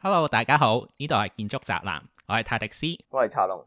Hello，大家好，呢度係建築宅男，我係泰迪斯，我係茶龍。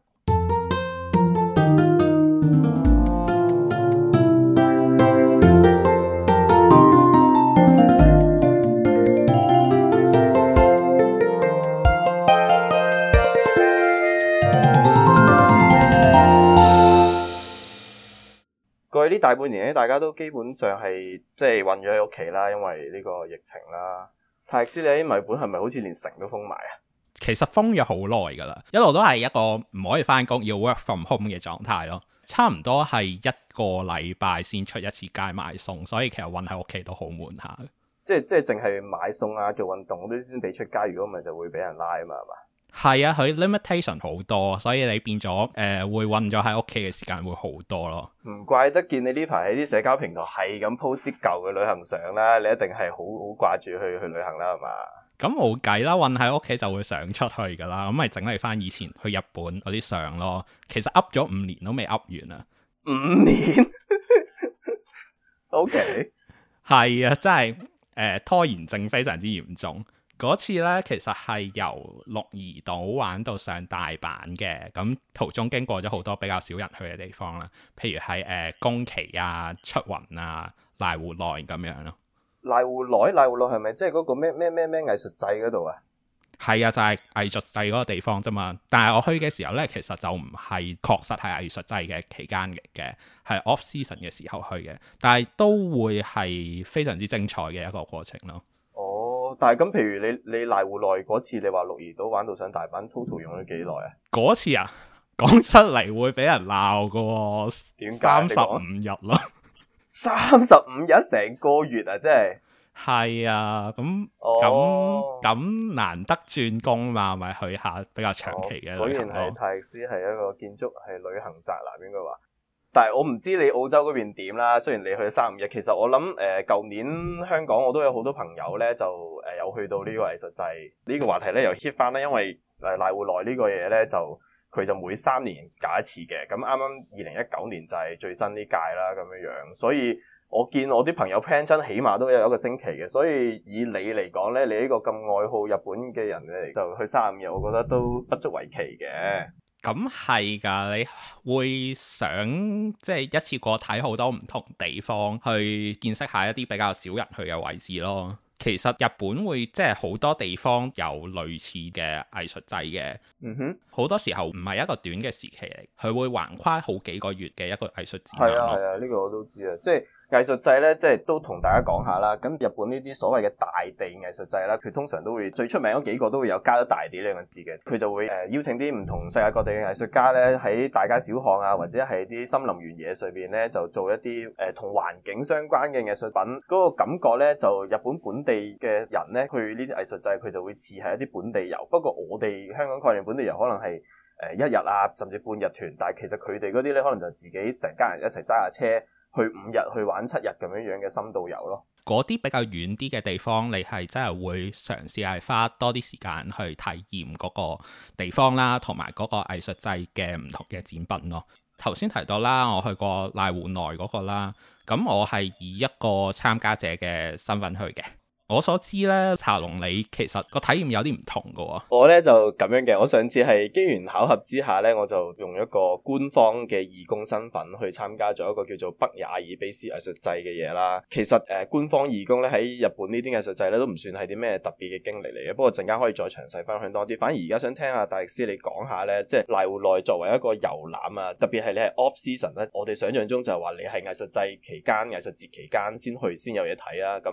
過去呢大半年咧，大家都基本上係即係困咗喺屋企啦，因為呢個疫情啦。係，師你啲米本係咪好似連城都封埋啊？其實封咗好耐㗎啦，一路都係一個唔可以返工，要 work from home 嘅狀態咯。差唔多係一個禮拜先出一次街買餸，所以其實韞喺屋企都好悶下。即係即係淨係買餸啊，做運動嗰啲先俾出街，如果唔係就會俾人拉啊嘛，係嘛？係啊，佢 limitation 好多，所以你變咗誒、呃、會困咗喺屋企嘅時間會好多咯。唔怪得見你呢排喺啲社交平台係咁 post 啲舊嘅旅行相啦，你一定係好好掛住去去旅行，嗯、去啦，係嘛？咁冇計啦，困喺屋企就會想出去噶啦，咁咪整理翻以前去日本嗰啲相咯。其實 up 咗五年都未 up 完啊，五年。 OK，係 啊，真係誒、呃、拖延症非常之嚴重。嗰次咧，其實係由鹿兒島玩到上大阪嘅，咁途中經過咗好多比較少人去嘅地方啦，譬如係誒、呃、宮崎啊、出雲啊、瀨戶內咁樣咯。瀨戶內，瀨戶內係咪即係嗰個咩咩咩咩藝術祭嗰度啊？係啊，就係、是、藝術祭嗰個地方啫嘛。但係我去嘅時候咧，其實就唔係確實係藝術祭嘅期間嚟嘅，係 off season 嘅時候去嘅，但係都會係非常之精彩嘅一個過程咯。但係咁，譬如你你瀨戶內嗰次，你話鹿兒島玩到上大阪，total 用咗幾耐啊？嗰次啊，講出嚟會俾人鬧噶 麼，三十五日咯， 三十五日成個月啊，真係係啊，咁咁咁難得轉工嘛，咪去下比較長期嘅旅行咯、哦。果然你泰斯係一個建築係旅行宅男應該話。但係我唔知你澳洲嗰邊點啦，雖然你去三五日。其實我諗誒，舊、呃、年香港我都有好多朋友咧，就誒、呃、有去到呢個藝術祭，呢、嗯、個話題咧、嗯、又 hit 翻啦。因為誒瀨戶內個呢個嘢咧，就佢就每三年搞一次嘅。咁啱啱二零一九年就係最新呢屆啦，咁樣樣。所以我見我啲朋友 plan 親，嗯、起碼都有一個星期嘅。所以以你嚟講咧，你呢個咁愛好日本嘅人咧，就去三五日，我覺得都不足為奇嘅。嗯嗯。咁係㗎，你會想即係一次過睇好多唔同地方，去見識一下一啲比較少人去嘅位置咯。其實日本會即係好多地方有類似嘅藝術祭嘅，嗯哼，好多時候唔係一個短嘅時期嚟，佢會橫跨好幾個月嘅一個藝術祭。係啊係啊，呢個我都知啊，即係。藝術祭呢，即係都同大家講下啦。咁日本呢啲所謂嘅大地藝術祭啦，佢通常都會最出名嗰幾個都會有加咗大地兩個字嘅。佢就會誒邀請啲唔同世界各地嘅藝術家呢，喺大街小巷啊，或者係啲森林原野上面呢，就做一啲誒同環境相關嘅藝術品。嗰個感覺呢，就日本本地嘅人呢，佢呢啲藝術祭佢就會似係一啲本地遊。不過我哋香港概念本地遊可能係誒一日啊，甚至半日團，但係其實佢哋嗰啲呢，可能就自己成家人一齊揸下車，去五日，去玩七日咁樣樣嘅深度遊咯。嗰啲比較遠啲嘅地方，你係真係會嘗試係花多啲時間去體驗嗰個地方啦，同埋嗰個藝術祭嘅唔同嘅展品咯。頭先提到啦，我去過瀨戶內嗰、嗰個啦，咁我係以一個參加者嘅身份去嘅。我所知咧，茶龍你其實個體驗有啲唔同嘅喎。我咧就咁樣嘅，我上次係機緣巧合之下咧，我就用一個官方嘅義工身份去參加咗一個叫做北阿爾卑斯藝術祭嘅嘢啦。其實誒、呃，官方義工咧喺日本呢啲藝術祭咧都唔算係啲咩特別嘅經歷嚟嘅。不過陣間可以再詳細分享多啲。反而而家想聽下大力士你講下咧，即係瀨戶內作為一個遊覽啊，特別係你係 off season 咧，我哋想象中就係話你係藝術祭期間、藝術節期間先去先有嘢睇啦。咁。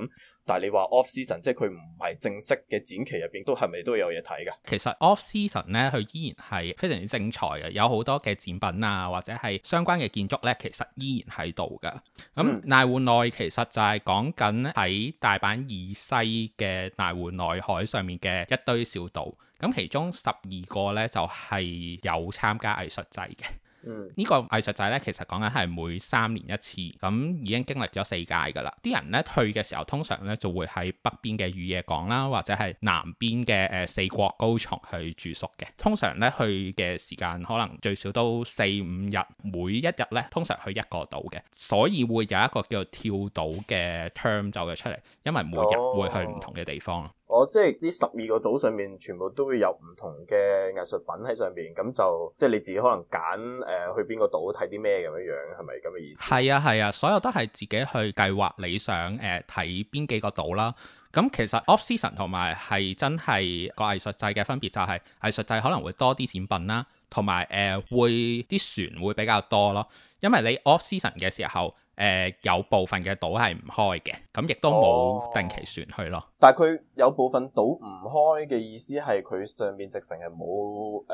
但係你話 off season，即係佢唔係正式嘅展期入邊，都係咪都有嘢睇嘅？其實 off season 咧，佢依然係非常之精彩嘅，有好多嘅展品啊，或者係相關嘅建築咧，其實依然喺度嘅。咁瀨戶內其實就係講緊喺大阪以西嘅瀨戶內海上面嘅一堆小島，咁其中十二個咧就係、是、有參加藝術祭嘅。個藝術呢個藝術祭咧，其實講緊係每三年一次，咁、嗯、已經經歷咗四屆噶啦。啲人咧去嘅時候，通常咧就會喺北邊嘅雨夜港啦，或者係南邊嘅誒四國高松去住宿嘅。通常咧去嘅時間可能最少都四五日，每一日咧通常去一個島嘅，所以會有一個叫做跳島嘅 term 就嘅出嚟，因為每日會去唔同嘅地方、哦我即係呢十二個島上面全部都會有唔同嘅藝術品喺上面，咁就即係你自己可能揀誒、呃、去邊個島睇啲咩咁樣樣，係咪咁嘅意思？係啊係啊，所有都係自己去計劃你想誒睇邊幾個島啦。咁、嗯嗯、其實 off season 同埋係真係個藝術祭嘅分別就係藝術祭可能會多啲展品啦，同埋誒會啲船會比較多咯，因為你 off season 嘅時候。誒、呃、有部分嘅島係唔開嘅，咁亦都冇定期船去咯。哦、但係佢有部分島唔開嘅意思係佢上面直情係冇誒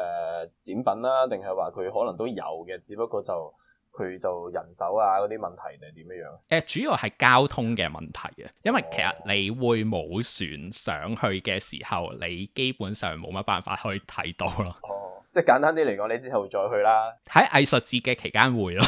展品啦，定係話佢可能都有嘅，只不過就佢就人手啊嗰啲問題定係點樣誒主要係交通嘅問題啊，因為其實你會冇船上去嘅時候，你基本上冇乜辦法去睇到咯。哦，即係簡單啲嚟講，你之後再去啦。喺藝術節嘅期間會咯。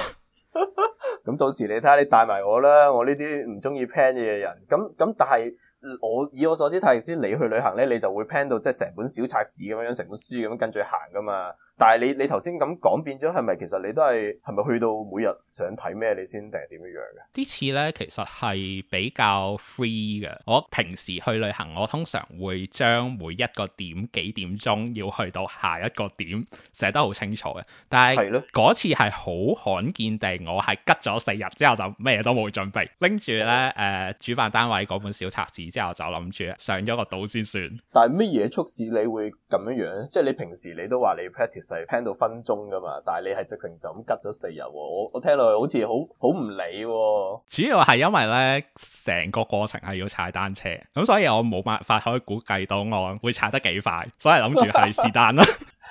咁 到時你睇下，你帶埋我啦，我呢啲唔中意 plan 嘢嘅人。咁咁但係。我以我所知睇嚟先，你去旅行咧，你就會 plan 到即係成本小冊子咁樣成本書咁跟住行噶嘛。但係你你頭先咁講變咗，係咪其實你都係係咪去到每日想睇咩，你先定係點樣樣嘅？次呢次咧其實係比較 free 嘅。我平時去旅行，我通常會將每一個點幾點鐘要去到下一個點寫得好清楚嘅。但係係嗰次係好罕見定我係吉咗四日之後就咩都冇準備拎住咧誒主辦單位嗰本小冊子。之後就諗住上咗個島先算。但係乜嘢促使你會咁樣樣咧？即係你平時你都話你 practice 係聽到分鐘噶嘛，但係你係直情就咁吉咗四日。我我聽落去好似好好唔理。主要係因為咧，成個過程係要踩單車，咁所以我冇辦法，可以估計到我會踩得幾快，所以諗住係是但啦。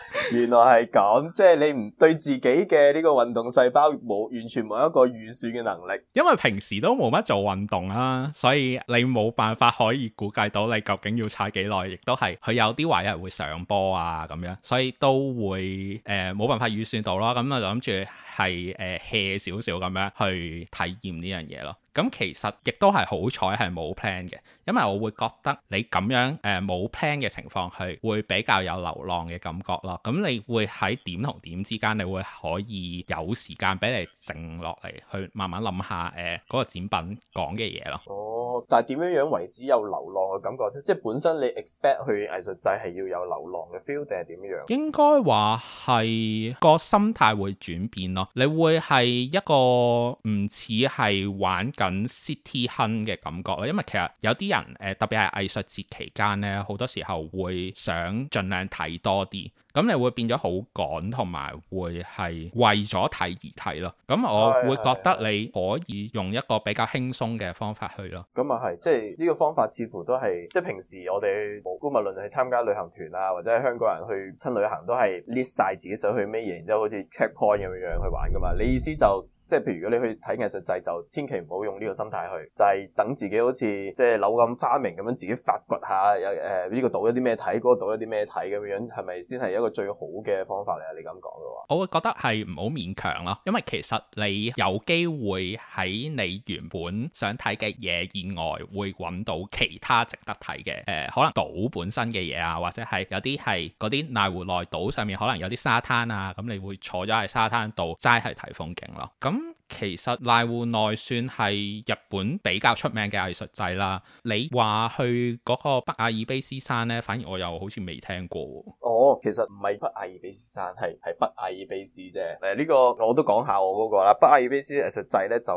原來係咁，即係你唔對自己嘅呢個運動細胞冇完全冇一個預算嘅能力，因為平時都冇乜做運動啦、啊，所以你冇辦法可以估計到你究竟要踩幾耐，亦都係佢有啲壞人會上波啊咁樣，所以都會誒冇、呃、辦法預算到咯，咁啊就諗住。係誒 hea 少少咁樣去體驗呢樣嘢咯，咁、嗯、其實亦都係好彩係冇 plan 嘅，因為我會覺得你咁樣誒冇 plan 嘅情況去，會比較有流浪嘅感覺咯。咁、嗯、你會喺點同點之間，你會可以有時間俾你靜落嚟，去慢慢諗下誒嗰、呃那個展品講嘅嘢咯。但係點樣樣為止有流浪嘅感覺啫？即係本身你 expect 去藝術節係要有流浪嘅 feel 定係點樣？應該話係個心態會轉變咯，你會係一個唔似係玩緊 city hunt 嘅感覺咯。因為其實有啲人誒，特別係藝術節期間咧，好多時候會想盡量睇多啲。咁你會變咗好趕，同埋會係為咗睇而睇咯。咁我會覺得你可以用一個比較輕鬆嘅方法去咯。咁啊係，即係呢個方法似乎都係即係平時我哋無關無論係參加旅行團啊，或者香港人去親旅行都係列晒自己想去咩嘢，然之後好似 check point 咁樣去玩噶嘛。你意思就？即係譬如果你去睇藝術祭，就千祈唔好用呢個心態去，就係、是、等自己好似即係柳暗花明咁樣自己發掘下有誒呢個島有啲咩睇，嗰、那個島有啲咩睇咁樣，係咪先係一個最好嘅方法嚟啊？你咁講嘅話，我會覺得係唔好勉強啦，因為其實你有機會喺你原本想睇嘅嘢以外，會揾到其他值得睇嘅誒，可能島本身嘅嘢啊，或者係有啲係嗰啲瀨戶內島上面可能有啲沙灘啊，咁你會坐咗喺沙灘度齋係睇風景咯，咁。其實瀨戶內算係日本比較出名嘅藝術祭啦。你話去嗰個北阿爾卑斯山呢，反而我又好似未聽過。哦，其實唔係北阿爾卑斯山，係係北阿爾卑斯啫。誒、這、呢個我都講下我嗰個啦。北阿爾卑斯藝術祭呢，就。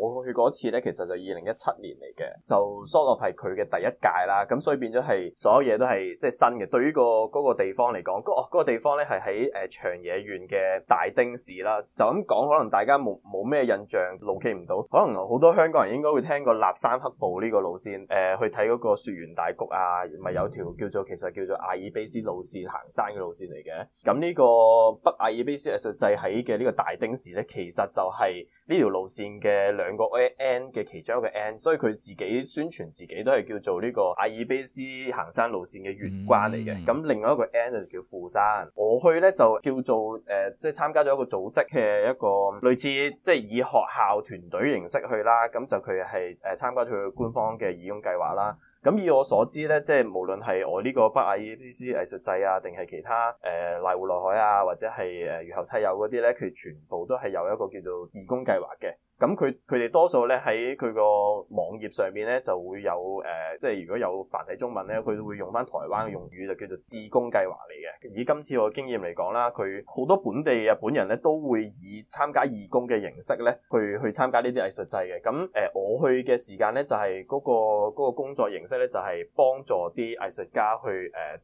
我去過一次咧，其實就二零一七年嚟嘅，就 Solo 係佢嘅第一屆啦，咁所以變咗係所有嘢都係即係新嘅。對於、那個嗰、那個地方嚟講，嗰、那個那個地方咧，係喺誒長野縣嘅大丁市啦。就咁講，可能大家冇冇咩印象，路記唔到。可能好多香港人應該會聽過立山黑部呢、這個路線，誒、呃、去睇嗰個雪原大谷啊，咪有條叫做其實叫做阿爾卑斯路線行山嘅路線嚟嘅。咁呢個北阿爾卑斯藝術祭喺嘅呢個大町市咧，其實就係、是。呢條路線嘅兩個 N 嘅其中一個 N，所以佢自己宣傳自己都係叫做呢個阿爾卑斯行山路線嘅玄關嚟嘅。咁另外一個 N 就叫富山。我去呢就叫做誒、呃，即係參加咗一個組織嘅一個類似，即係以學校團隊形式去啦。咁就佢係誒參加咗佢官方嘅義工計劃啦。咁以我所知咧，即係無論係我呢個北藝呢啲藝術祭啊，定係其他誒瀨戶內海啊，或者係誒越後妻有嗰啲咧，佢全部都係有一個叫做義工計劃嘅。咁佢佢哋多數咧喺佢個網頁上面咧就會有誒、呃，即係如果有繁體中文咧，佢會用翻台灣嘅用語就叫做志工計劃嚟嘅。以今次我嘅經驗嚟講啦，佢好多本地日本人咧都會以參加義工嘅形式咧去去參加呢啲藝術祭嘅。咁誒、呃，我去嘅時間咧就係、是、嗰、那個那個工作形式咧就係、是、幫助啲藝術家去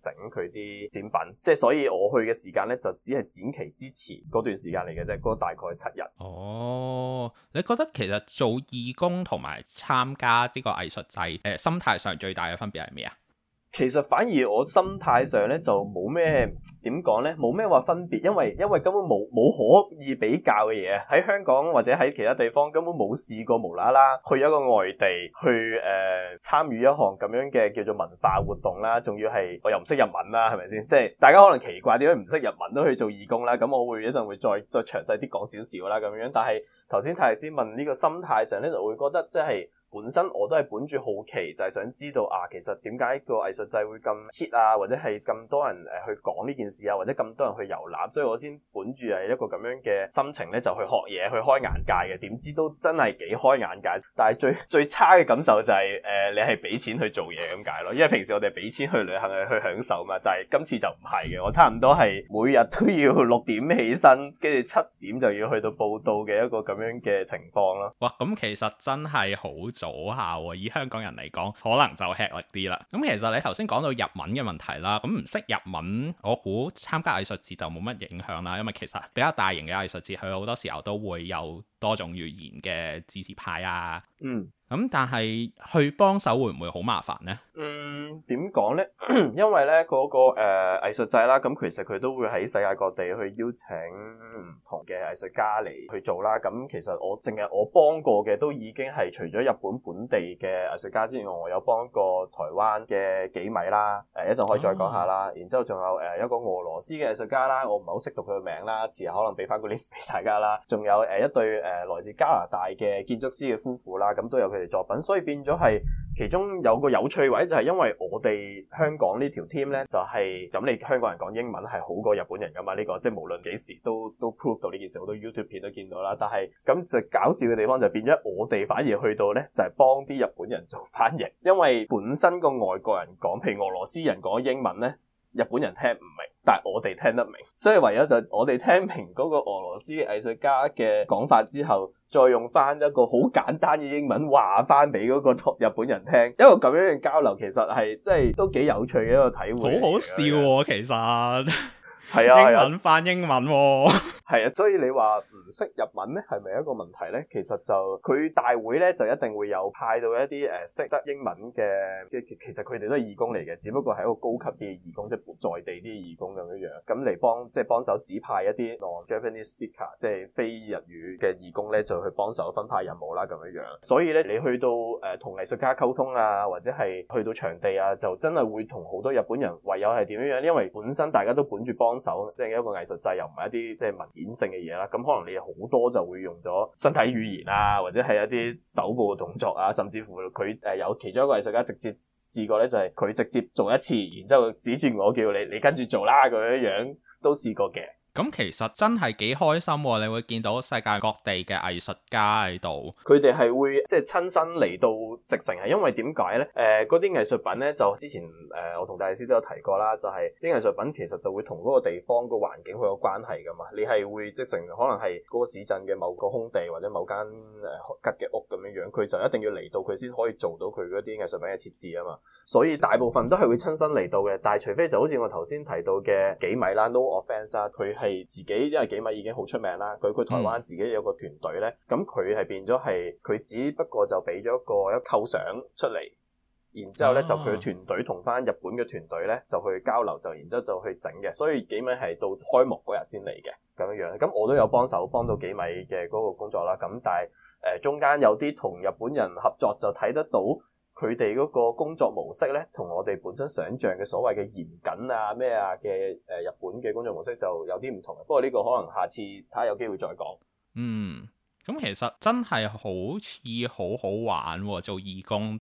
誒整佢啲展品，即係所以我去嘅時間咧就只係展期之前嗰段時間嚟嘅啫，嗰、那個、大概七日。哦，你覺得其實做義工同埋參加呢個藝術祭，誒、呃、心態上最大嘅分別係咩啊？其實反而我心態上咧就冇咩點講咧，冇咩話分別，因為因為根本冇冇可以比較嘅嘢，喺香港或者喺其他地方根本冇試過無啦啦去一個外地去誒參與一項咁樣嘅叫做文化活動啦，仲要係我又唔識日文啦，係咪先？即係大家可能奇怪點解唔識日文都去做義工啦？咁我會一陣會再再詳細啲講少少啦咁樣。但係頭先太師問呢個心態上咧，就會覺得即係。本身我都係本住好奇，就係想知道啊，其實點解個藝術祭會咁 hit 啊，或者係咁多人誒去講呢件事啊，或者咁多人去遊覽，所以我先本住係一個咁樣嘅心情咧，就去學嘢，去開眼界嘅。點知都真係幾開眼界，但係最最差嘅感受就係誒，你係俾錢去做嘢咁解咯。因為平時我哋俾錢去旅行去去享受嘛，但係今次就唔係嘅。我差唔多係每日都要六點起身，跟住七點就要去到報到嘅一個咁樣嘅情況咯。哇，咁其實真係好～做下喎，以香港人嚟講，可能就吃力啲啦。咁其實你頭先講到日文嘅問題啦，咁唔識日文，我估參加藝術節就冇乜影響啦，因為其實比較大型嘅藝術節，佢好多時候都會有多種語言嘅指示牌啊。嗯。咁但係去幫手會唔會好麻煩呢？嗯，點講咧？因為咧嗰、那個誒藝術祭啦，咁其實佢都會喺世界各地去邀請唔同嘅藝術家嚟去做啦。咁、嗯、其實我淨係我幫過嘅都已經係除咗日本本地嘅藝術家之外，我有幫過台灣嘅幾米啦。誒、呃，一陣可以再講下啦。然之後仲有誒一個俄羅斯嘅藝術家啦，我唔係好識讀佢嘅名啦，之後可能俾翻個 list 俾大家啦。仲有誒、呃、一對誒、呃、來自加拿大嘅建築師嘅夫婦啦，咁、呃、都有。嘅作品，所以變咗係其中有個有趣位，就係因為我哋香港呢條 team 咧，就係咁你香港人講英文係好過日本人噶嘛？呢個即係無論幾時都都 prove 到呢件事，好多 YouTube 片都見到啦。但係咁就搞笑嘅地方就變咗，我哋反而去到咧，就係幫啲日本人做翻譯，因為本身個外國人講，譬如俄羅斯人講英文咧。日本人聽唔明，但係我哋聽得明，所以唯有就我哋聽明嗰個俄羅斯藝術家嘅講法之後，再用翻一個好簡單嘅英文話翻俾嗰個日本人聽，因為咁樣嘅交流其實係即係都幾有趣嘅一個體會，好好笑喎，啊！其實係啊， 英文翻英文，啊。 係啊，所以你話唔識日文咧，係咪一個問題咧？其實就佢大會咧就一定會有派到一啲誒識得英文嘅嘅，其實佢哋都係義工嚟嘅，只不過係一個高級啲義工，即、就、係、是、在地啲義工咁樣樣，咁嚟幫即係幫手指派一啲 Japanese speaker，即係非日語嘅義工咧，就去幫手分派任務啦咁樣樣。所以咧，你去到誒同、呃、藝術家溝通啊，或者係去到場地啊，就真係會同好多日本人，唯有係點樣樣？因為本身大家都本住幫手，即係一個藝術制又唔係一啲即係文演性嘅嘢啦，咁可能你好多就會用咗身體語言啊，或者係一啲手部嘅動作啊，甚至乎佢誒、呃、有其中一個藝術家直接試過咧，就係、是、佢直接做一次，然之後指住我叫你，你跟住做啦咁樣樣，都試過嘅。咁其實真係幾開心，你會見到世界各地嘅藝術家喺度，佢哋係會即係、就是、親身嚟到直城，係因為點解咧？誒、呃，嗰啲藝術品咧就之前誒、呃、我同大師都有提過啦，就係、是、啲藝術品其實就會同嗰個地方個環境佢有關係噶嘛。你係會直成可能係嗰個市鎮嘅某個空地或者某間誒吉嘅屋咁樣樣，佢就一定要嚟到佢先可以做到佢嗰啲藝術品嘅設置啊嘛。所以大部分都係會親身嚟到嘅，但係除非就好似我頭先提到嘅幾米啦、No offense 啦，佢係。係自己因為幾米已經好出名啦，佢佢台灣自己有個團隊咧，咁佢係變咗係佢只不過就俾咗一個一構想出嚟，然之後咧、啊、就佢嘅團隊同翻日本嘅團隊咧就去交流，就然之後就去整嘅，所以幾米係到開幕嗰日先嚟嘅咁樣樣，咁我都有幫手、嗯、幫到幾米嘅嗰個工作啦，咁但係誒、呃、中間有啲同日本人合作就睇得到。佢哋嗰個工作模式咧，同我哋本身想象嘅所謂嘅嚴謹啊咩啊嘅誒日本嘅工作模式就有啲唔同。不過呢個可能下次睇下有機會再講。嗯，咁其實真係好似好好玩、啊、做義工。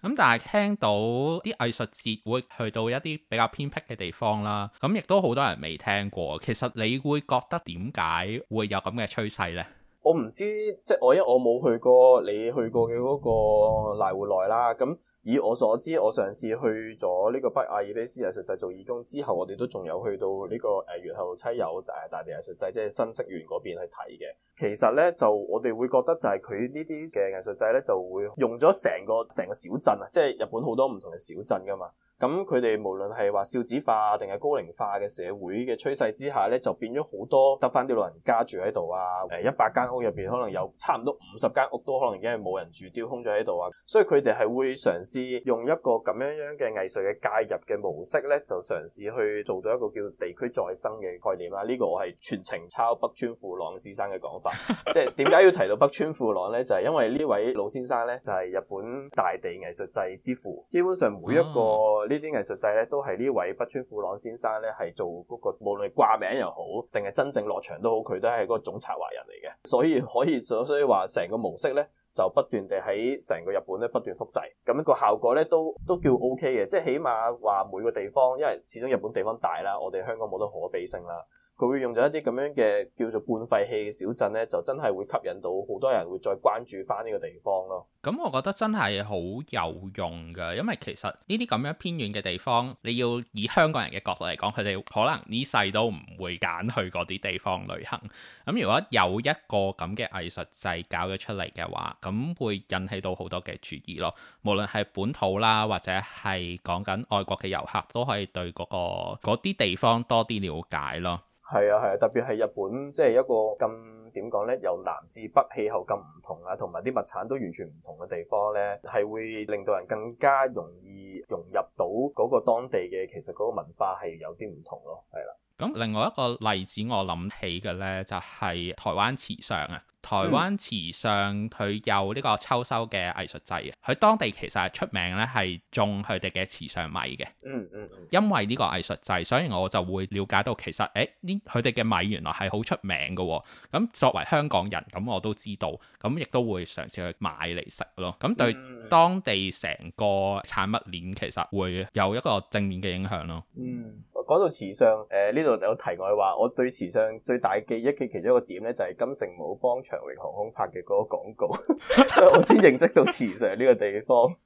咁但係聽到啲藝術節會去到一啲比較偏僻嘅地方啦，咁亦都好多人未聽過。其實你會覺得點解會有咁嘅趨勢呢？我唔知，即係我因我冇去過你去過嘅嗰個瀨戶內啦。咁以我所知，我上次去咗呢個北阿爾卑斯藝術祭做義工之後，我哋都仲有去到呢個誒越後妻有誒大，大地藝術祭，即係新潟嗰邊去睇嘅。其實咧，就我哋會覺得就係佢呢啲嘅藝術祭咧，就會用咗成個成個小鎮啊，即係日本好多唔同嘅小鎮噶嘛。咁佢哋無論係話少子化定係高齡化嘅社會嘅趨勢之下咧，就變咗好多，得翻啲老人家住喺度啊！誒一百間屋入邊可能有差唔多五十間屋都可能已經係冇人住，丟空咗喺度啊！所以佢哋係會嘗試用一個咁樣樣嘅藝術嘅介入嘅模式咧，就嘗試去做到一個叫做地區再生嘅概念啦。呢、這個我係全程抄北川富朗先生嘅講法，即係點解要提到北川富朗咧？就係、是、因為呢位老先生咧就係、是、日本大地藝術祭之父，基本上每一個。藝術制呢啲藝術祭咧，都係呢位北川富朗先生咧，係做嗰、嗰個無論掛名又好，定係真正落場都好，佢都係嗰個總策劃人嚟嘅。所以可以所所以話成個模式咧，就不斷地喺成個日本咧不斷複製。咁個效果咧都都叫 O K 嘅，即係起碼話每個地方，因為始終日本地方大啦，我哋香港冇得可比性啦。佢會用咗一啲咁樣嘅叫做半廢棄嘅小鎮呢，就真係會吸引到好多人會再關注翻呢個地方咯。咁我覺得真係好有用嘅，因為其實呢啲咁樣偏遠嘅地方，你要以香港人嘅角度嚟講，佢哋可能呢世都唔會揀去嗰啲地方旅行。咁如果有一個咁嘅藝術祭搞咗出嚟嘅話，咁會引起到好多嘅注意咯。無論係本土啦，或者係講緊外國嘅遊客，都可以對嗰、嗰個嗰啲地方多啲了解咯。係啊係啊，特別係日本，即係一個咁點講呢？由南至北氣候咁唔同啊，同埋啲物產都完全唔同嘅地方呢，係會令到人更加容易融入到嗰個當地嘅其實嗰個文化係有啲唔同咯，係啦，啊。咁另外一個例子我諗起嘅呢，就係、是、台灣池上啊。台灣池上佢、嗯、有呢個秋收嘅藝術祭，佢當地其實係出名呢，係種佢哋嘅池上米嘅、嗯。嗯嗯。因為呢個藝術祭，所以我就會了解到其實誒，呢佢哋嘅米原來係好出名嘅。咁作為香港人，咁我都知道，咁亦都會嘗試去買嚟食咯。咁對當地成個產物鏈其實會有一個正面嘅影響咯。嗯。講到池上，誒呢度有題外話，我對池上最大記憶嘅其中一個點呢，就係、是、金城武幫長榮航空拍嘅嗰個廣告， 所以我先認識到池上呢個地方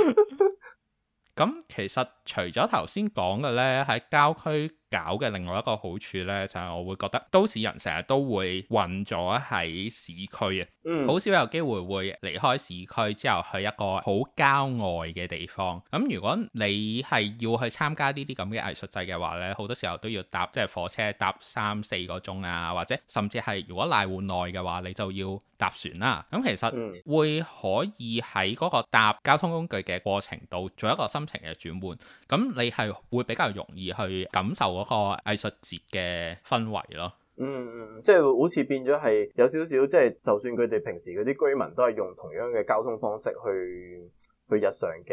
。咁 其實除咗頭先講嘅呢，喺郊區。搞嘅另外一個好處咧，就係、是、我會覺得都市人成日都會混咗喺市區啊，好、嗯、少有機會會離開市區之後去一個好郊外嘅地方。咁如果你係要去參加呢啲咁嘅藝術祭嘅話咧，好多時候都要搭即係火車搭三四個鐘啊，或者甚至係如果瀨戶內嘅話，你就要搭船啦、啊。咁其實會可以喺嗰個搭交通工具嘅過程度做一個心情嘅轉換，咁你係會比較容易去感受。嗰個藝術節嘅氛圍咯，嗯嗯，即係好似變咗係有少少，即係就算佢哋平時嗰啲居民都係用同樣嘅交通方式去去日常嘅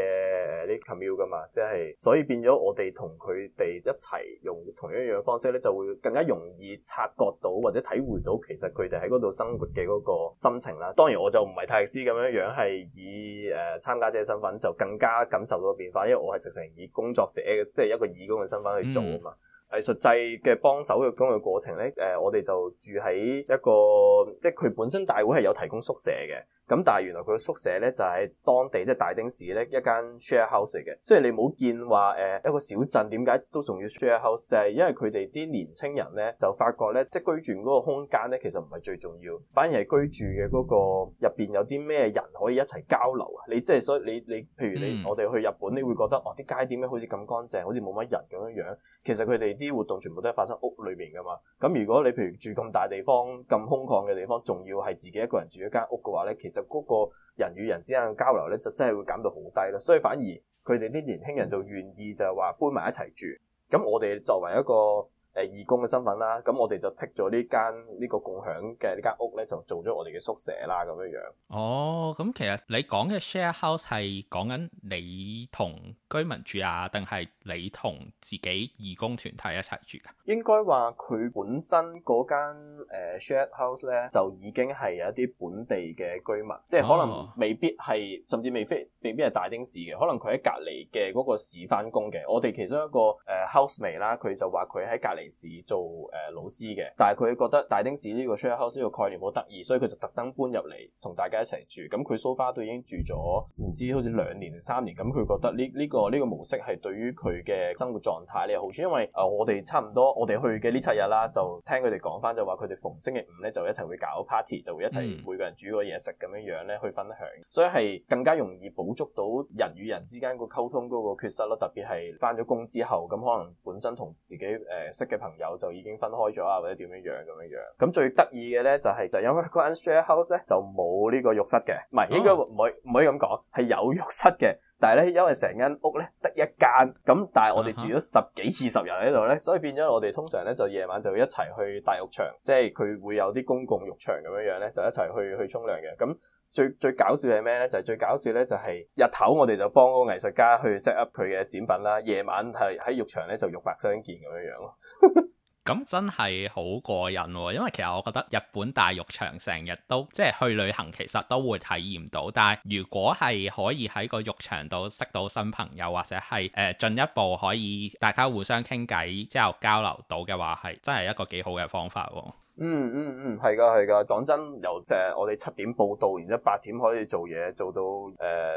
呢 commute 噶嘛，即係所以變咗我哋同佢哋一齊用同一樣嘅方式咧，就會更加容易察覺到或者體會到其實佢哋喺嗰度生活嘅嗰個心情啦。當然我就唔係泰斯咁樣樣，係以誒、呃、參加者身份就更加感受到變化，因為我係直情以工作者即係一個義工嘅身份去做啊嘛。嗯藝術祭嘅幫手嘅咁嘅過程咧，誒、呃，我哋就住喺一個，即係佢本身大會係有提供宿舍嘅。咁但係原來佢嘅宿舍咧就係、是、當地即係大町市咧一間 share house 嚟嘅，即係你冇見話誒、呃、一個小鎮點解都仲要 share house？就係因為佢哋啲年青人咧就發覺咧，即係居住嗰、那個空間咧其實唔係最重要，反而係居住嘅嗰、那個入邊有啲咩人可以一齊交流啊。你即係所以你你譬如你我哋去日本，你會覺得哦啲街點解好似咁乾淨，好似冇乜人咁樣樣？其實佢哋啲活動全部都係發生屋裏邊噶嘛。咁如果你譬如住咁大地方咁空曠嘅地方，仲要係自己一個人住一間屋嘅話咧，其就嗰個人與人之間嘅交流呢，就真係會減到好低咯。所以反而佢哋啲年輕人就願意就係話搬埋一齊住。咁我哋作為一個，誒、呃、義工嘅身份啦，咁、嗯、我哋就 take 咗呢間呢個共享嘅呢間屋咧，就做咗我哋嘅宿舍啦，咁樣樣。哦，咁、嗯、其實你講嘅 share house 係講緊你同居民住啊，定係你同自己義工團體一齊住㗎、啊？應該話佢本身嗰間、呃、share house 咧，就已經係有一啲本地嘅居民，即係可能未必係，哦、甚至未必未必係大町市嘅，可能佢喺隔籬嘅嗰個市返工嘅。我哋其中一個誒 housemate 啦，佢、呃、就話佢喺隔籬。係做誒、呃、老師嘅，但係佢覺得大丁氏呢個 share house 呢個概念好得意，所以佢就特登搬入嚟同大家一齊住。咁佢 so far 都已經住咗唔知好似兩年三年。咁佢覺得呢、這、呢個呢、這個模式係對於佢嘅生活狀態咧好處，因為誒、呃、我哋差唔多我哋去嘅呢七日啦，就聽佢哋講返就話佢哋逢星期五咧就一齊會搞 party，就會一齊每個人煮個嘢食咁樣樣咧去分享，所以係更加容易補足到人與人之間個溝通嗰個缺失咯。特別係返咗工之後，咁可能本身同自己誒、呃、識朋友就已經分開咗啊，或者點樣樣咁樣樣。咁最得意嘅咧，就係就因為嗰間 share house 咧，就冇呢個浴室嘅，唔係應該唔可唔可以咁講係有浴室嘅，但係咧因為成間屋咧得一間，咁但係我哋住咗十幾二十人喺度咧，所以變咗我哋通常咧就夜晚就會一齊去大浴場，即係佢會有啲公共浴場咁樣樣咧，就一齊去去沖涼嘅咁。最最搞笑係咩呢？就係、最搞笑呢，就係日頭我哋就幫個藝術家去 set up 佢嘅展品啦，夜晚係喺浴場咧就肉白相見咁樣樣。咁 真係好過癮喎、哦！因為其實我覺得日本大浴場成日都即係去旅行，其實都會體驗到。但係如果係可以喺個浴場度識到新朋友，或者係誒、呃、進一步可以大家互相傾偈之後交流到嘅話，係真係一個幾好嘅方法喎、哦。嗯嗯嗯，係㗎係㗎，講真由誒、呃、我哋七點報到，然之後八點可以做嘢，做到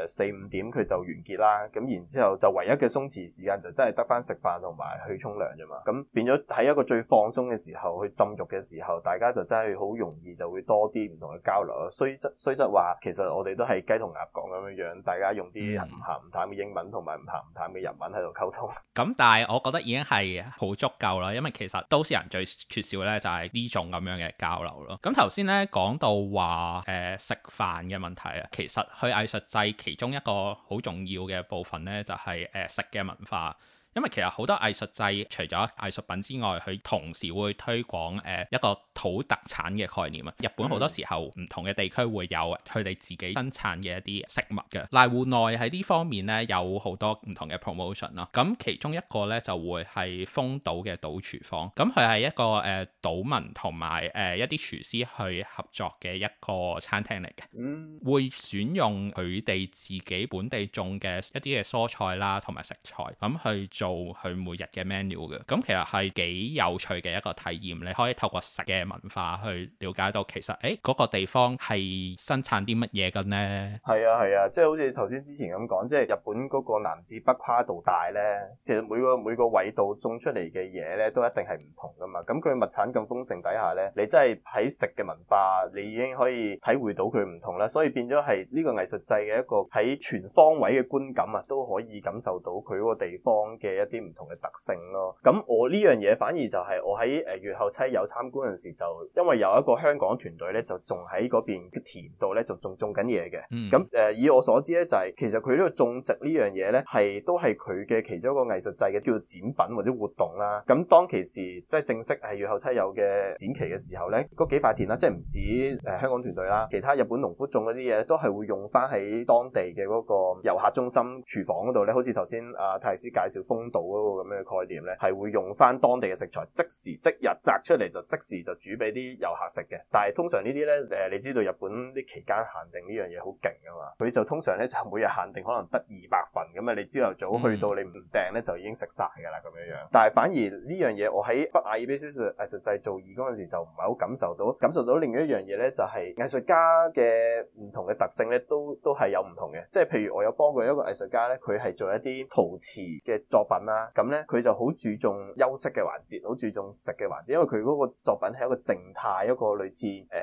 誒四五點佢就完結啦。咁然之後就唯一嘅鬆弛時間就真係得返食飯同埋去沖涼啫嘛。咁變咗喺一個最放鬆嘅時候，去浸浴嘅時候，大家就真係好容易就會多啲唔同嘅交流咯。雖則雖則話，其實我哋都係雞同鴨講咁樣樣，大家用啲唔咸唔淡嘅英文同埋唔咸唔淡嘅日文喺度溝通。咁、嗯、 但係我覺得已經係好足夠啦，因為其實都市人最缺少咧就係呢種。咁樣嘅交流咯。咁頭先咧講到話誒食飯嘅問題啊，其實去藝術祭其中一個好重要嘅部分呢，就係、是、誒、呃、食嘅文化。因為其實好多藝術祭除咗藝術品之外，佢同時會推廣誒、呃、一個土特產嘅概念啊！日本好多時候唔同嘅地區會有佢哋自己生產嘅一啲食物嘅。瀨戶內喺呢方面咧有好多唔同嘅 promotion 咯。咁、啊、其中一個咧就會係豐島嘅島廚房。咁佢係一個誒、呃、島民同埋誒一啲廚師去合作嘅一個餐廳嚟嘅。嗯，會選用佢哋自己本地種嘅一啲嘅蔬菜啦，同埋食材咁、嗯、去。做佢每日嘅 menu 嘅，咁其實係幾有趣嘅一個體驗，你可以透過食嘅文化去了解到，其實誒嗰個地方係生產啲乜嘢嘅咧？係啊係啊，即係好似頭先之前咁講，即係日本嗰個南至北跨度大咧，其實每個每個緯度種出嚟嘅嘢咧都一定係唔同噶嘛。咁佢物產咁豐盛底下咧，你真係喺食嘅文化，你已經可以體會到佢唔同啦。所以變咗係呢個藝術祭嘅一個喺全方位嘅觀感啊，都可以感受到佢嗰個地方嘅嘅一啲唔同嘅特性咯，咁我呢樣嘢反而就係我喺誒越後妻有參觀陣時，就因為有一個香港團隊咧，就仲喺嗰邊嘅田度咧，就種種緊嘢嘅。咁誒、呃、以我所知咧，就係、是、其實佢呢個種植呢樣嘢咧，係都係佢嘅其中一個藝術祭嘅，叫做展品或者活動啦。咁當其時即係正式係越後妻有嘅展期嘅時候咧，嗰幾塊田啦，即係唔止誒香港團隊啦，其他日本農夫種嗰啲嘢都係會用翻喺當地嘅嗰個遊客中心廚房嗰度咧，好似頭先阿泰師介紹。道嗰個咁樣嘅概念咧，係會用翻當地嘅食材，即時即日摘出嚟就即時就煮俾啲遊客食嘅。但係通常呢啲咧，誒、呃、你知道日本啲期間限定呢樣嘢好勁噶嘛，佢就通常咧就每日限定可能得二百份咁啊。你朝頭早去到你唔訂咧，就已經食晒噶啦咁樣樣。但係反而呢樣嘢，我喺北阿爾卑斯，斯藝，藝術製造業嗰陣時就唔係好感受到。感受到另一樣嘢咧，就係、是、藝術家嘅唔同嘅特性咧，都都係有唔同嘅。即係譬如我有幫過一個藝術家咧，佢係做一啲陶瓷嘅作品。品啦，咁咧佢就好注重休息嘅環節，好注重食嘅環節，因為佢嗰個作品係一個靜態，一個類似誒、呃、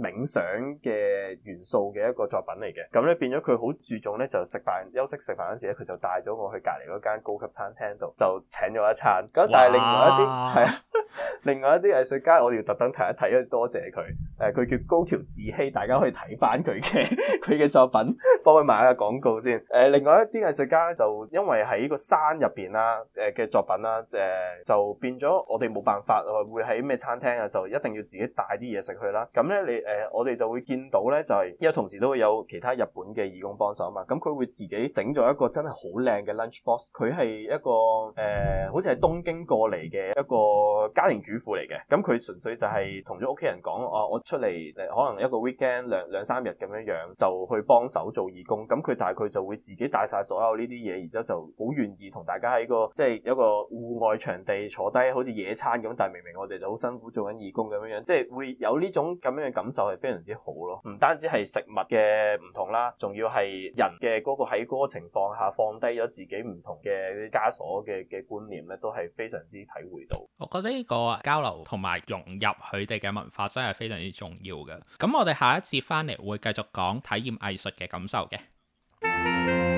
冥想嘅元素嘅一個作品嚟嘅。咁咧變咗佢好注重咧，就食飯休息食飯嗰時咧，佢就帶咗我去隔籬嗰間高級餐廳度，就請咗一餐。咁但係另外一啲係啊，哇 另外一啲藝術家我哋要特登睇一睇，多謝佢。誒、啊，佢叫高橋治希，大家可以睇翻佢嘅佢嘅作品，幫佢賣下廣告先。誒、啊，另外一啲藝術家咧就因為喺個山入。邊啦？誒嘅作品啦，誒、呃、就變咗我哋冇辦法，會喺咩餐廳啊，就一定要自己帶啲嘢食去啦。咁咧，你、呃、誒我哋就會見到咧，就係、是、因為同時都會有其他日本嘅義工幫手啊嘛。咁、嗯、佢會自己整咗一個真係好靚嘅 lunch box。佢係一個誒、呃、好似係東京過嚟嘅一個家庭主婦嚟嘅。咁佢純粹就係同咗屋企人講，哦、啊，我出嚟可能一個 weekend 兩兩三日咁樣樣就去幫手做義工。咁、嗯、佢大概就會自己帶晒所有呢啲嘢，然之後就好願意同大家。喺個即係有個戶外場地坐低，好似野餐咁，但係明明我哋就好辛苦做緊義工咁樣樣，即係會有呢種咁樣嘅感受係非常之好咯。唔單止係食物嘅唔同啦，仲要係人嘅嗰個喺嗰個情況下放低咗自己唔同嘅枷鎖嘅嘅觀念咧，都係非常之體會到。我覺得呢個交流同埋融入佢哋嘅文化真係非常之重要嘅。咁我哋下一次翻嚟會繼續講體驗藝術嘅感受嘅。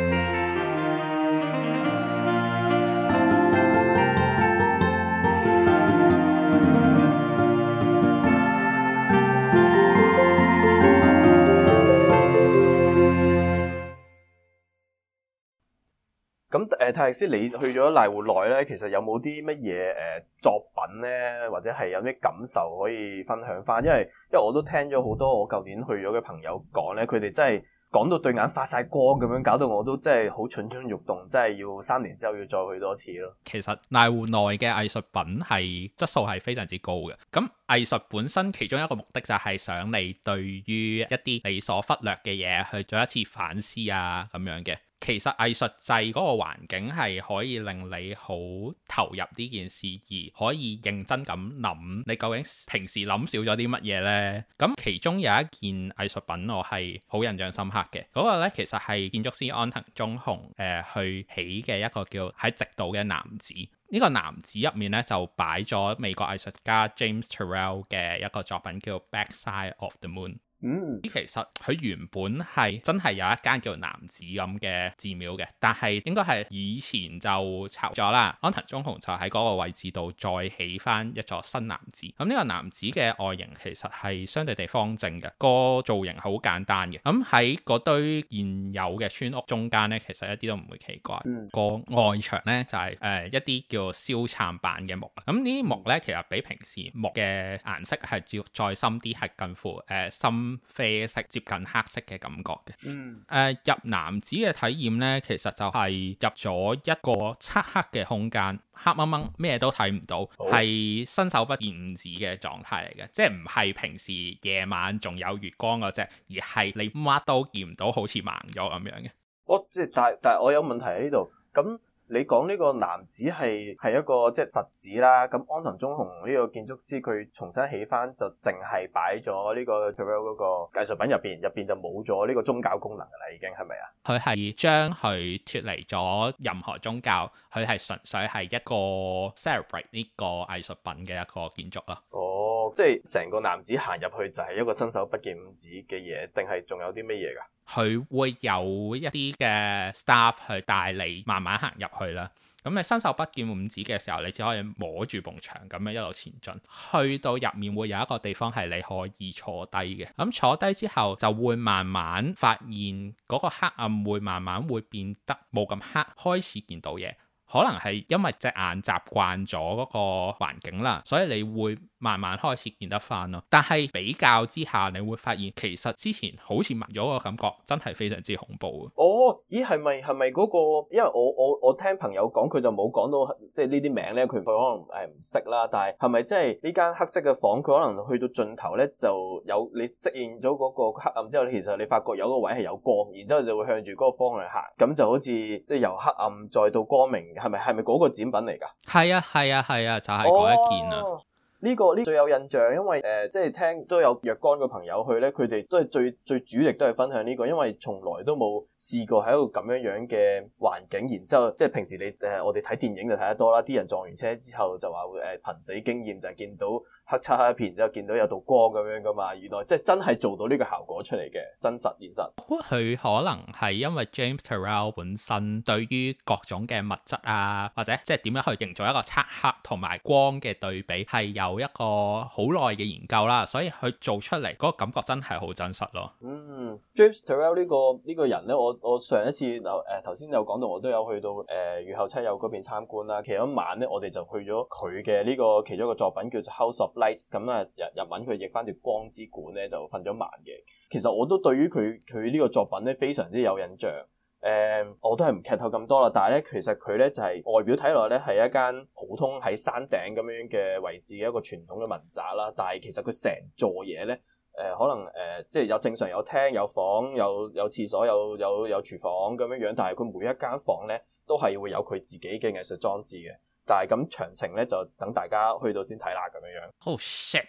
咁誒，泰迪師，你去咗瀨戶內咧，其實有冇啲乜嘢誒作品咧，或者係有啲感受可以分享翻？因為因為我都聽咗好多我舊年去咗嘅朋友講咧，佢哋真係講到對眼發晒光咁樣，搞到我都真係好蠢蠢欲動，真係要三年之後要再去多次咯。其實瀨戶內嘅藝術品係質素係非常之高嘅。咁藝術本身其中一個目的就係想你對於一啲你所忽略嘅嘢去做一次反思啊，咁樣嘅。其實藝術製嗰個環境係可以令你好投入呢件事，而可以認真咁諗你究竟平時諗少咗啲乜嘢呢？咁其中有一件藝術品我係好印象深刻嘅，嗰、那個呢其實係建築師安藤忠雄誒、呃、去起嘅一個叫喺直島嘅男子。呢、這個男子入面呢，就擺咗美國藝術家 James Turrell 嘅一個作品叫 Backside of the Moon。嗯，其實佢原本係真係有一間叫南寺咁嘅寺廟嘅，但係應該係以前就拆咗啦。嗯、安藤忠雄就喺嗰個位置度再起翻一座新南寺。嗯。咁、這、呢個南寺嘅外形其實係相對地方正嘅，個造型好簡單嘅。咁喺嗰堆現有嘅村屋中間呢，其實一啲都唔會奇怪。嗯、個外牆呢，就係、是、誒、呃、一啲叫做燒杉板嘅木啦。咁呢啲木呢，其實比平時木嘅顏色係要再深啲，係近乎誒、呃、深。啡色接近黑色嘅感覺嘅，嗯，誒、呃，入男子嘅體驗咧，其實就係入咗一個漆黑嘅空間，黑掹掹，咩都睇唔到，係伸、哦、手不見五指嘅狀態嚟嘅，即係唔係平時夜晚仲有月光嗰隻，而係你乜都見唔到好，好似盲咗咁樣嘅。我即係，但但係我有問題喺呢度，咁。你講呢個男子係係一個即係佛寺啦，咁安藤忠雄呢個建築師佢重新起返就淨係擺咗呢個 travel 嗰個藝術品入邊，入邊就冇咗呢個宗教功能㗎啦，已經係咪啊？佢係將佢脫離咗任何宗教，佢係純粹係一個 celebrate 呢個藝術品嘅一個建築啦。Oh. 即係成個男子行入去就係一個伸手不見五指嘅嘢，定係仲有啲乜嘢㗎？佢會有一啲嘅 staff 去帶你慢慢行入去啦。咁你伸手不見五指嘅時候，你只可以摸住埲牆咁樣一路前進。去到入面會有一個地方係你可以坐低嘅。咁坐低之後就會慢慢發現嗰個黑暗會慢慢會變得冇咁黑，開始見到嘢。可能係因為隻眼習慣咗嗰個環境啦，所以你會慢慢開始見得翻咯。但係比較之下，你會發現其實之前好似盲咗個感覺，真係非常之恐怖。哦，咦係咪係咪嗰個？因為我我我聽朋友講，佢就冇講到即係呢啲名咧，佢佢可能誒唔識啦。但係係咪即係呢間黑色嘅房？佢可能去到盡頭咧，就有。你適應咗嗰個黑暗之後，其實你發覺有個位係有光，然之後就會向住嗰個方向行，咁就好似即係由黑暗再到光明。係咪係咪嗰個展品嚟㗎？係啊係啊係啊，就係，是，嗰一件啊。呢，哦這個呢，這個，最有印象，因為誒、呃、即係聽都有若干個朋友去咧，佢哋都係最最主力都係分享呢、這個，因為從來都冇試過喺一個咁樣樣嘅環境，然之後即係平時你誒、呃、我哋睇電影就睇得多啦。啲人撞完車之後就話會誒、呃、瀕死經驗就係見到。黑漆黑一片，之後見到有道光咁樣噶嘛，原來即係真係做到呢個效果出嚟嘅真實現實。佢可能係因為 James Turrell 本身對於各種嘅物質啊，或者即係點樣去營造一個漆黑同埋光嘅對比，係有一個好耐嘅研究啦，所以佢做出嚟嗰、那個感覺真係好真實咯。嗯，James Turrell、這、呢個呢、這個人咧，我我上一次嗱誒頭先有講到，我都有去到誒、呃、越後妻有嗰邊參觀啦。其中一晚咧，我哋就去咗佢嘅呢個其中一個作品叫做 House of。咁啊、嗯，日日文佢譯翻條《光之館》咧就瞓咗晚嘅。其實我都對於佢佢呢個作品咧非常之有印象。誒、呃，我都係唔劇透咁多啦。但係咧，其實佢咧就係、是、外表睇落咧係一間普通喺山頂咁樣嘅位置嘅一個傳統嘅民宅啦。但係其實佢成座嘢咧誒，可能誒、呃、即係有正常有廳有房有有廁所有有有廚房咁樣樣。但係佢每一間房咧都係會有佢自己嘅藝術裝置嘅。但係咁詳情咧，就等大家去到先睇啦，咁樣樣。好、oh、shit！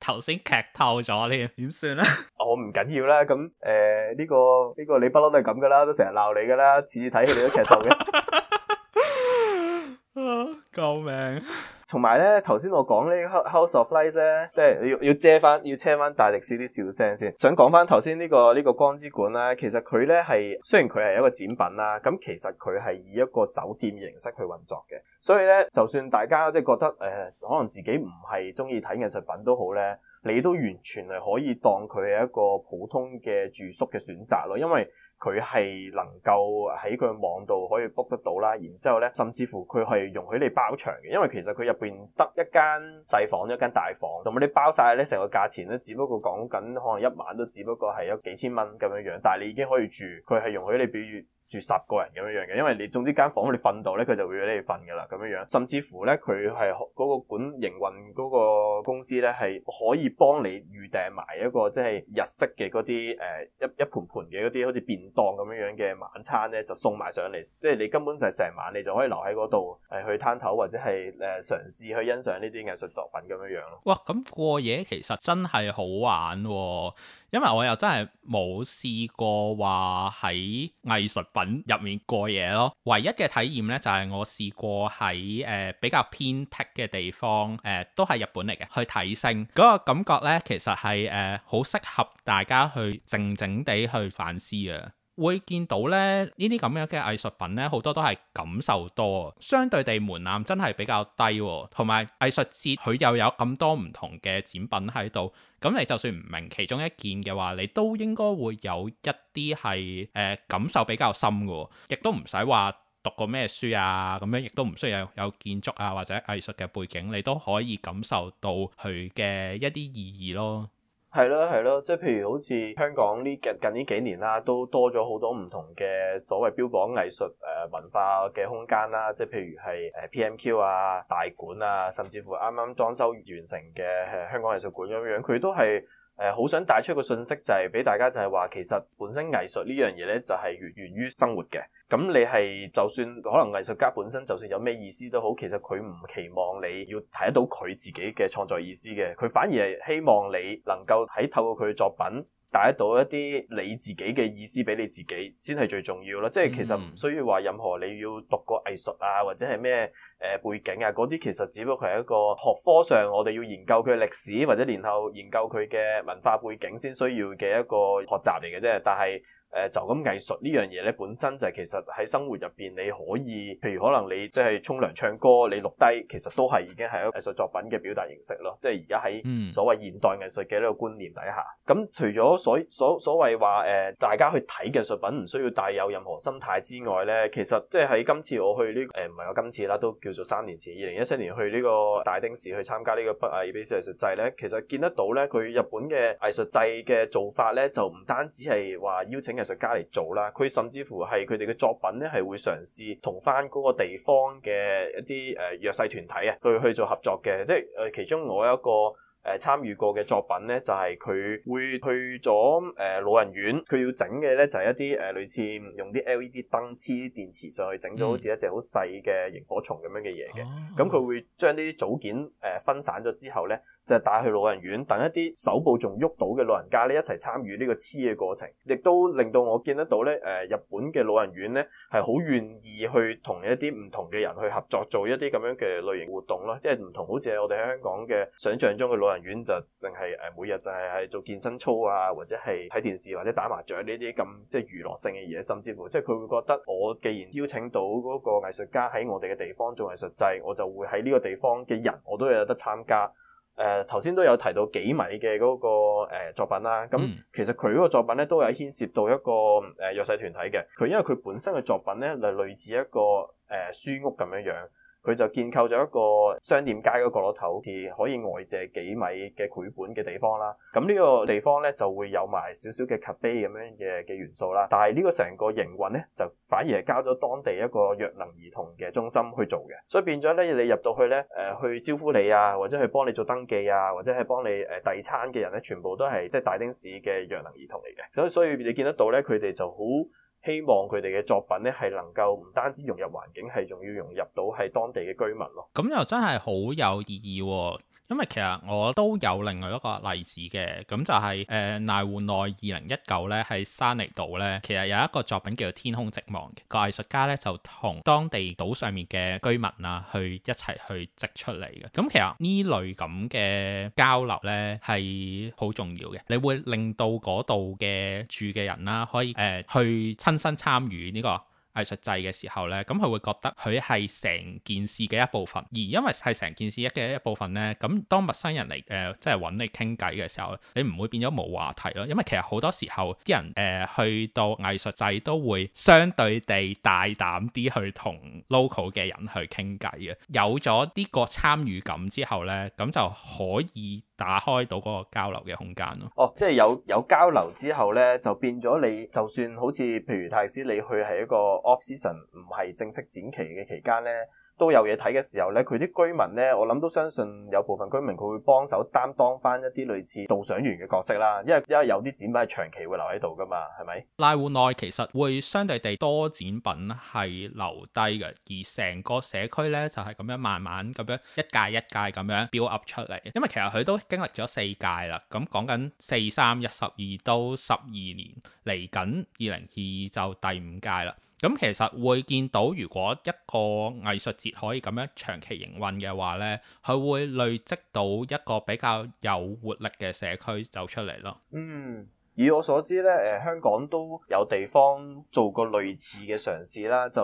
頭先劇透咗呢，點算咧？我唔緊要啦，咁誒呢個呢、呢個你不嬲都係咁噶啦，都成日鬧你噶啦，次次睇戲你都劇透嘅。啊！ oh, 救命！同埋咧，頭先我講呢 house of lights 咧，即係要要遮翻要車翻大力士啲笑聲先。想講翻頭先呢個呢、呢個光之館咧，其實佢咧係雖然佢係一個展品啦，咁其實佢係以一個酒店形式去運作嘅。所以咧，就算大家即係覺得誒、呃，可能自己唔係中意睇藝術品都好咧，你都完全係可以當佢係一個普通嘅住宿嘅選擇咯，因為，佢係能夠喺佢網度可以 book 得到啦，然之後咧，甚至乎佢係容許你包場嘅，因為其實佢入邊得一間細房一間大房，同埋你包晒咧成個價錢咧，只不過講緊可能一晚都只不過係有幾千蚊咁樣樣，但係你已經可以住，佢係容許你比如。住十個人咁樣樣嘅，因為你總之間房你瞓到咧，佢就會俾你瞓㗎喇咁樣樣。甚至乎咧，佢係嗰個管營運嗰個公司咧，係可以幫你預訂埋一個即係日式嘅嗰啲誒一一盤盤嘅嗰啲好似便當咁樣樣嘅晚餐咧，就送埋上嚟。即係你根本就係成晚你就可以留喺嗰度，誒、呃、去攤頭或者係誒嘗試去欣賞呢啲藝術作品咁樣樣咯。哇！咁過夜其實真係好玩喎、哦，因為我又真係冇試過話喺藝術。品入面過夜咯，唯一嘅體驗呢，就係、是、我試過喺誒、呃、比較偏僻嘅地方，誒、呃、都係日本嚟嘅去睇星。嗰個感覺呢，其實係誒好適合大家去靜靜地去反思嘅。會見到呢，呢啲咁樣嘅藝術品呢，好多都係感受多，相對地門檻真係比較低喎，同埋藝術節佢又有咁多唔同嘅展品喺度，咁你就算唔明其中一件嘅話，你都應該會有一啲係誒感受比較深嘅，亦都唔使話讀過咩書啊，咁樣亦都唔需要有建築啊或者藝術嘅背景，你都可以感受到佢嘅一啲意義咯。係咯，係咯，即係譬如好似香港呢，近近呢幾年啦，都多咗好多唔同嘅所謂標榜藝術誒文化嘅空間啦，即係譬如係誒 PMQ 啊、大館啊，甚至乎啱啱裝修完成嘅香港藝術館咁樣，佢都係。誒好想帶出一個訊息，就係俾大家就係話，其實本身藝術呢樣嘢呢，就係源於生活嘅。咁你係就算可能藝術家本身，就算有咩意思都好，其實佢唔期望你要睇到佢自己嘅創作意思嘅，佢反而係希望你能夠喺透過佢嘅作品。帶得到一啲你自己嘅意思俾你自己，先係最重要囉。即係其實唔需要話任何你要讀過藝術啊，或者係咩誒背景啊，嗰啲其實只不過係一個學科上，我哋要研究佢嘅歷史或者然後研究佢嘅文化背景先需要嘅一個學習嚟嘅啫。但係。誒、呃、就咁藝術呢樣嘢咧，本身就係其實喺生活入邊你可以，譬如可能你即係沖涼唱歌，你錄低，其實都係已經係一個藝術作品嘅表達形式咯。即係而家喺所謂現代藝術嘅呢個觀念底下，咁除咗所所所謂話誒、呃、大家去睇藝術品唔需要帶有任何心態之外咧，其實即係喺今次我去呢誒唔係我今次啦，都叫做三年前二零一七年去呢個大町市去參加呢個北阿爾卑斯藝術祭咧，其實見得到咧佢日本嘅藝術祭嘅做法咧，就唔單止係話邀請。藝術家嚟做啦，佢甚至乎係佢哋嘅作品咧，係會嘗試同翻嗰個地方嘅一啲誒、呃、弱勢團體啊，去去做合作嘅。即係誒，其中我有一個誒參與過嘅作品咧，就係、是、佢會去咗誒、呃、老人院，佢要整嘅咧就係、是、一啲誒、呃、類似用啲 LED 燈黐啲電池上去整咗，好似一隻好細嘅螢火蟲咁樣嘅嘢嘅。咁佢、嗯、會將啲組件誒、呃、分散咗之後咧。就帶去老人院，等一啲手部仲喐到嘅老人家呢，一齊參與呢個黐嘅過程，亦都令到我見得到呢誒、呃、日本嘅老人院呢，係好願意去一同一啲唔同嘅人去合作做一啲咁樣嘅類型活動咯，即係唔同好似我哋喺香港嘅想像中嘅老人院，就淨係誒每日就係係做健身操啊，或者係睇電視，或者打麻雀呢啲咁即係娛樂性嘅嘢，甚至乎即係佢會覺得我既然邀請到嗰個藝術家喺我哋嘅地方做藝術祭，我就會喺呢個地方嘅人我都有得參加。誒頭先都有提到幾米嘅嗰個誒作品啦，咁其實佢嗰個作品咧都有牽涉到一個誒弱勢團體嘅，佢因為佢本身嘅作品咧就類似一個誒書屋，咁樣樣。佢就建構咗一個商店街嘅角落頭，好似可以外借幾米嘅繪本嘅地方啦。咁呢個地方咧就會有埋少少嘅 cafe 咁樣嘅嘅元素啦。但係呢個成個營運咧就反而係交咗當地一個弱能兒童嘅中心去做嘅，所以變咗咧你入到去咧誒去招呼你啊，或者去幫你做登記啊，或者係幫你誒遞餐嘅人咧，全部都係即係大丁市嘅弱能兒童嚟嘅。所所以你見得到咧，佢哋就好。希望佢哋嘅作品咧，係能夠唔單止融入環境，係仲要融入到係當地嘅居民咯。咁又真係好有意義，啊，因為其實我都有另外一個例子嘅，咁就係誒瀨戶內二零一九咧，喺山尼島咧，其實有一個作品叫做天空織望，那個藝術家咧就同當地島上面嘅居民啊，去一齊去織出嚟嘅。咁其實呢類咁嘅交流咧，係好重要嘅，你會令到嗰度嘅住嘅人啦，啊，可以誒、呃、去。親身參與呢個藝術祭嘅時候呢，咁佢會覺得佢係成件事嘅一部分，而因為係成件事嘅一部分呢，咁當陌生人嚟誒、呃，即係揾你傾偈嘅時候，你唔會變咗冇話題咯。因為其實好多時候啲人誒、呃、去到藝術祭都會相對地大膽啲去同 local 嘅人去傾偈啊。有咗呢個參與感之後呢咁就可以。打開到嗰個交流嘅空間咯。哦，即係有有交流之後咧，就變咗你就算好似譬如泰斯，你去係一個 off season 唔係正式展期嘅期間咧。都有嘢睇嘅時候呢，佢啲居民呢，我諗都相信有部分居民佢會幫手擔當返一啲類似導賞員嘅角色啦。因為因為有啲展品係長期會留喺度噶嘛，係咪？瀨戶內其實會相對地多展品係留低嘅，而成個社區呢，就係、是、咁樣慢慢咁樣一屆一屆咁樣 build up 出嚟。因為其實佢都經歷咗四屆啦，咁講緊四三一十二到十二年，嚟緊二零二二就第五屆啦。咁其實會見到，如果一個藝術節可以咁樣長期營運嘅話呢，佢會累積到一個比較有活力嘅社區走出嚟咯。嗯，嗯。以我所知咧，誒、呃、香港都有地方做過類似嘅嘗試啦，就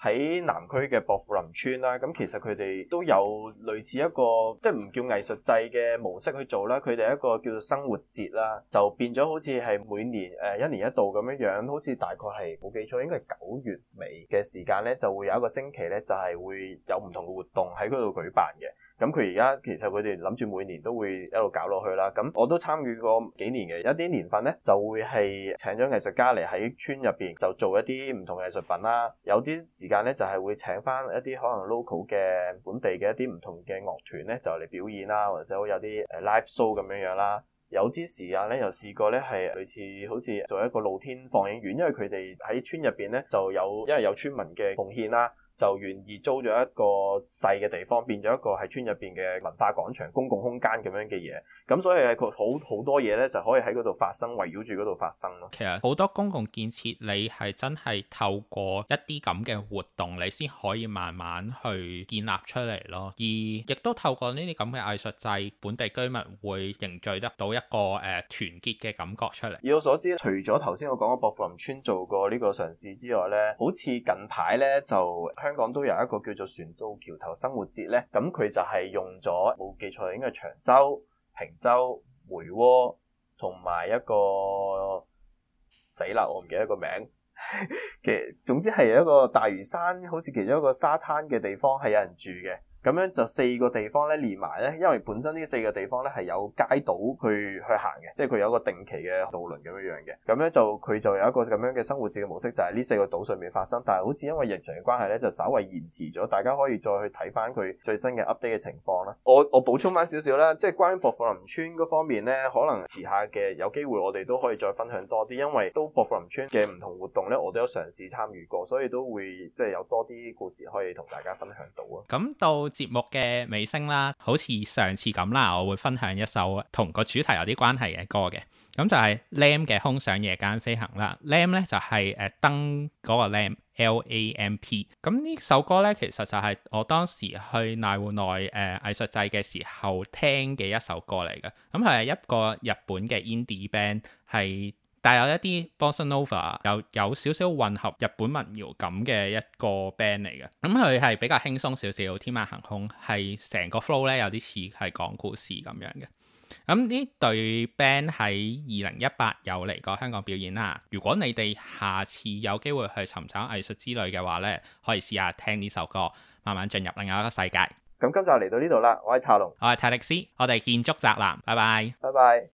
誒喺南區嘅薄扶林村啦，咁、啊、其實佢哋都有類似一個即係唔叫藝術祭嘅模式去做啦，佢哋一個叫做生活節啦、啊，就變咗好似係每年誒、呃、一年一度咁樣樣，好似大概係冇記錯應該係九月尾嘅時間咧，就會有一個星期咧就係、是、會有唔同嘅活動喺嗰度舉辦嘅。咁佢而家其實佢哋諗住每年都會一路搞落去啦。咁我都參與過幾年嘅，一啲年份咧就會係請咗藝術家嚟喺村入邊就做一啲唔同嘅藝術品啦。有啲時間咧就係會請翻一啲可能 local 嘅本地嘅一啲唔同嘅樂團咧就嚟表演啦，或者會有啲誒 live show 咁樣樣啦。有啲時間咧又試過咧係類似好似做一個露天放映院，因為佢哋喺村入邊咧就有因為有村民嘅貢獻啦。就願意租咗一個細嘅地方，變咗一個喺村入邊嘅文化廣場、公共空間咁樣嘅嘢。咁所以佢好好多嘢咧，就可以喺嗰度發生，圍繞住嗰度發生咯。其實好多公共建設，你係真係透過一啲咁嘅活動，你先可以慢慢去建立出嚟咯。而亦都透過呢啲咁嘅藝術祭，本地居民會凝聚得到一個誒團結嘅感覺出嚟。以我所知，除咗頭先我講嘅薄扶林村做過呢個嘗試之外咧，好似近排咧就。香港都有一個叫做船渡橋頭生活節咧，咁佢就係用咗冇記錯應該長洲、坪洲、梅窩同埋一個仔喇，我唔記得個名。其 實總之係一個大嶼山，好似其中一個沙灘嘅地方係有人住嘅。咁樣就四個地方咧連埋咧，因為本身呢四個地方咧係有街島去去行嘅，即係佢有一個定期嘅渡輪咁樣樣嘅。咁咧就佢就有一個咁樣嘅生活節嘅模式，就係呢四個島上面發生。但係好似因為疫情嘅關係咧，就稍微延遲咗。大家可以再去睇翻佢最新嘅 update 嘅情況啦。我我補充翻少少啦，即係關於薄扶林村嗰方面咧，可能遲下嘅有機會我哋都可以再分享多啲，因為都薄扶林村嘅唔同活動咧，我都有嘗試參與過，所以都會即係有多啲故事可以同大家分享到啊。咁到節目嘅尾聲啦，好似上次咁啦，我會分享一首同個主題有啲關係嘅歌嘅，咁就係 Lamp 嘅《空想夜間飛行》啦。Lamp 咧就係誒燈嗰個 Lamp，L A M P。咁呢首歌咧其實就係我當時去瀨戶內誒藝術祭嘅時候聽嘅一首歌嚟嘅。咁佢係一個日本嘅 Indie band，係。但係有一啲 bossanova 有有少少混合日本民謠咁嘅一個 band 嚟嘅，咁佢係比較輕鬆少少，《天馬行空》係成個 flow 咧有啲似係講故事咁樣嘅。咁呢隊 band 喺二零一八有嚟過香港表演啦。如果你哋下次有機會去尋找藝術之旅嘅話咧，可以試下聽呢首歌，慢慢進入另一個世界。咁今集嚟到呢度啦，我係茶龍，我係泰力斯，我哋建築宅男，拜拜，拜拜。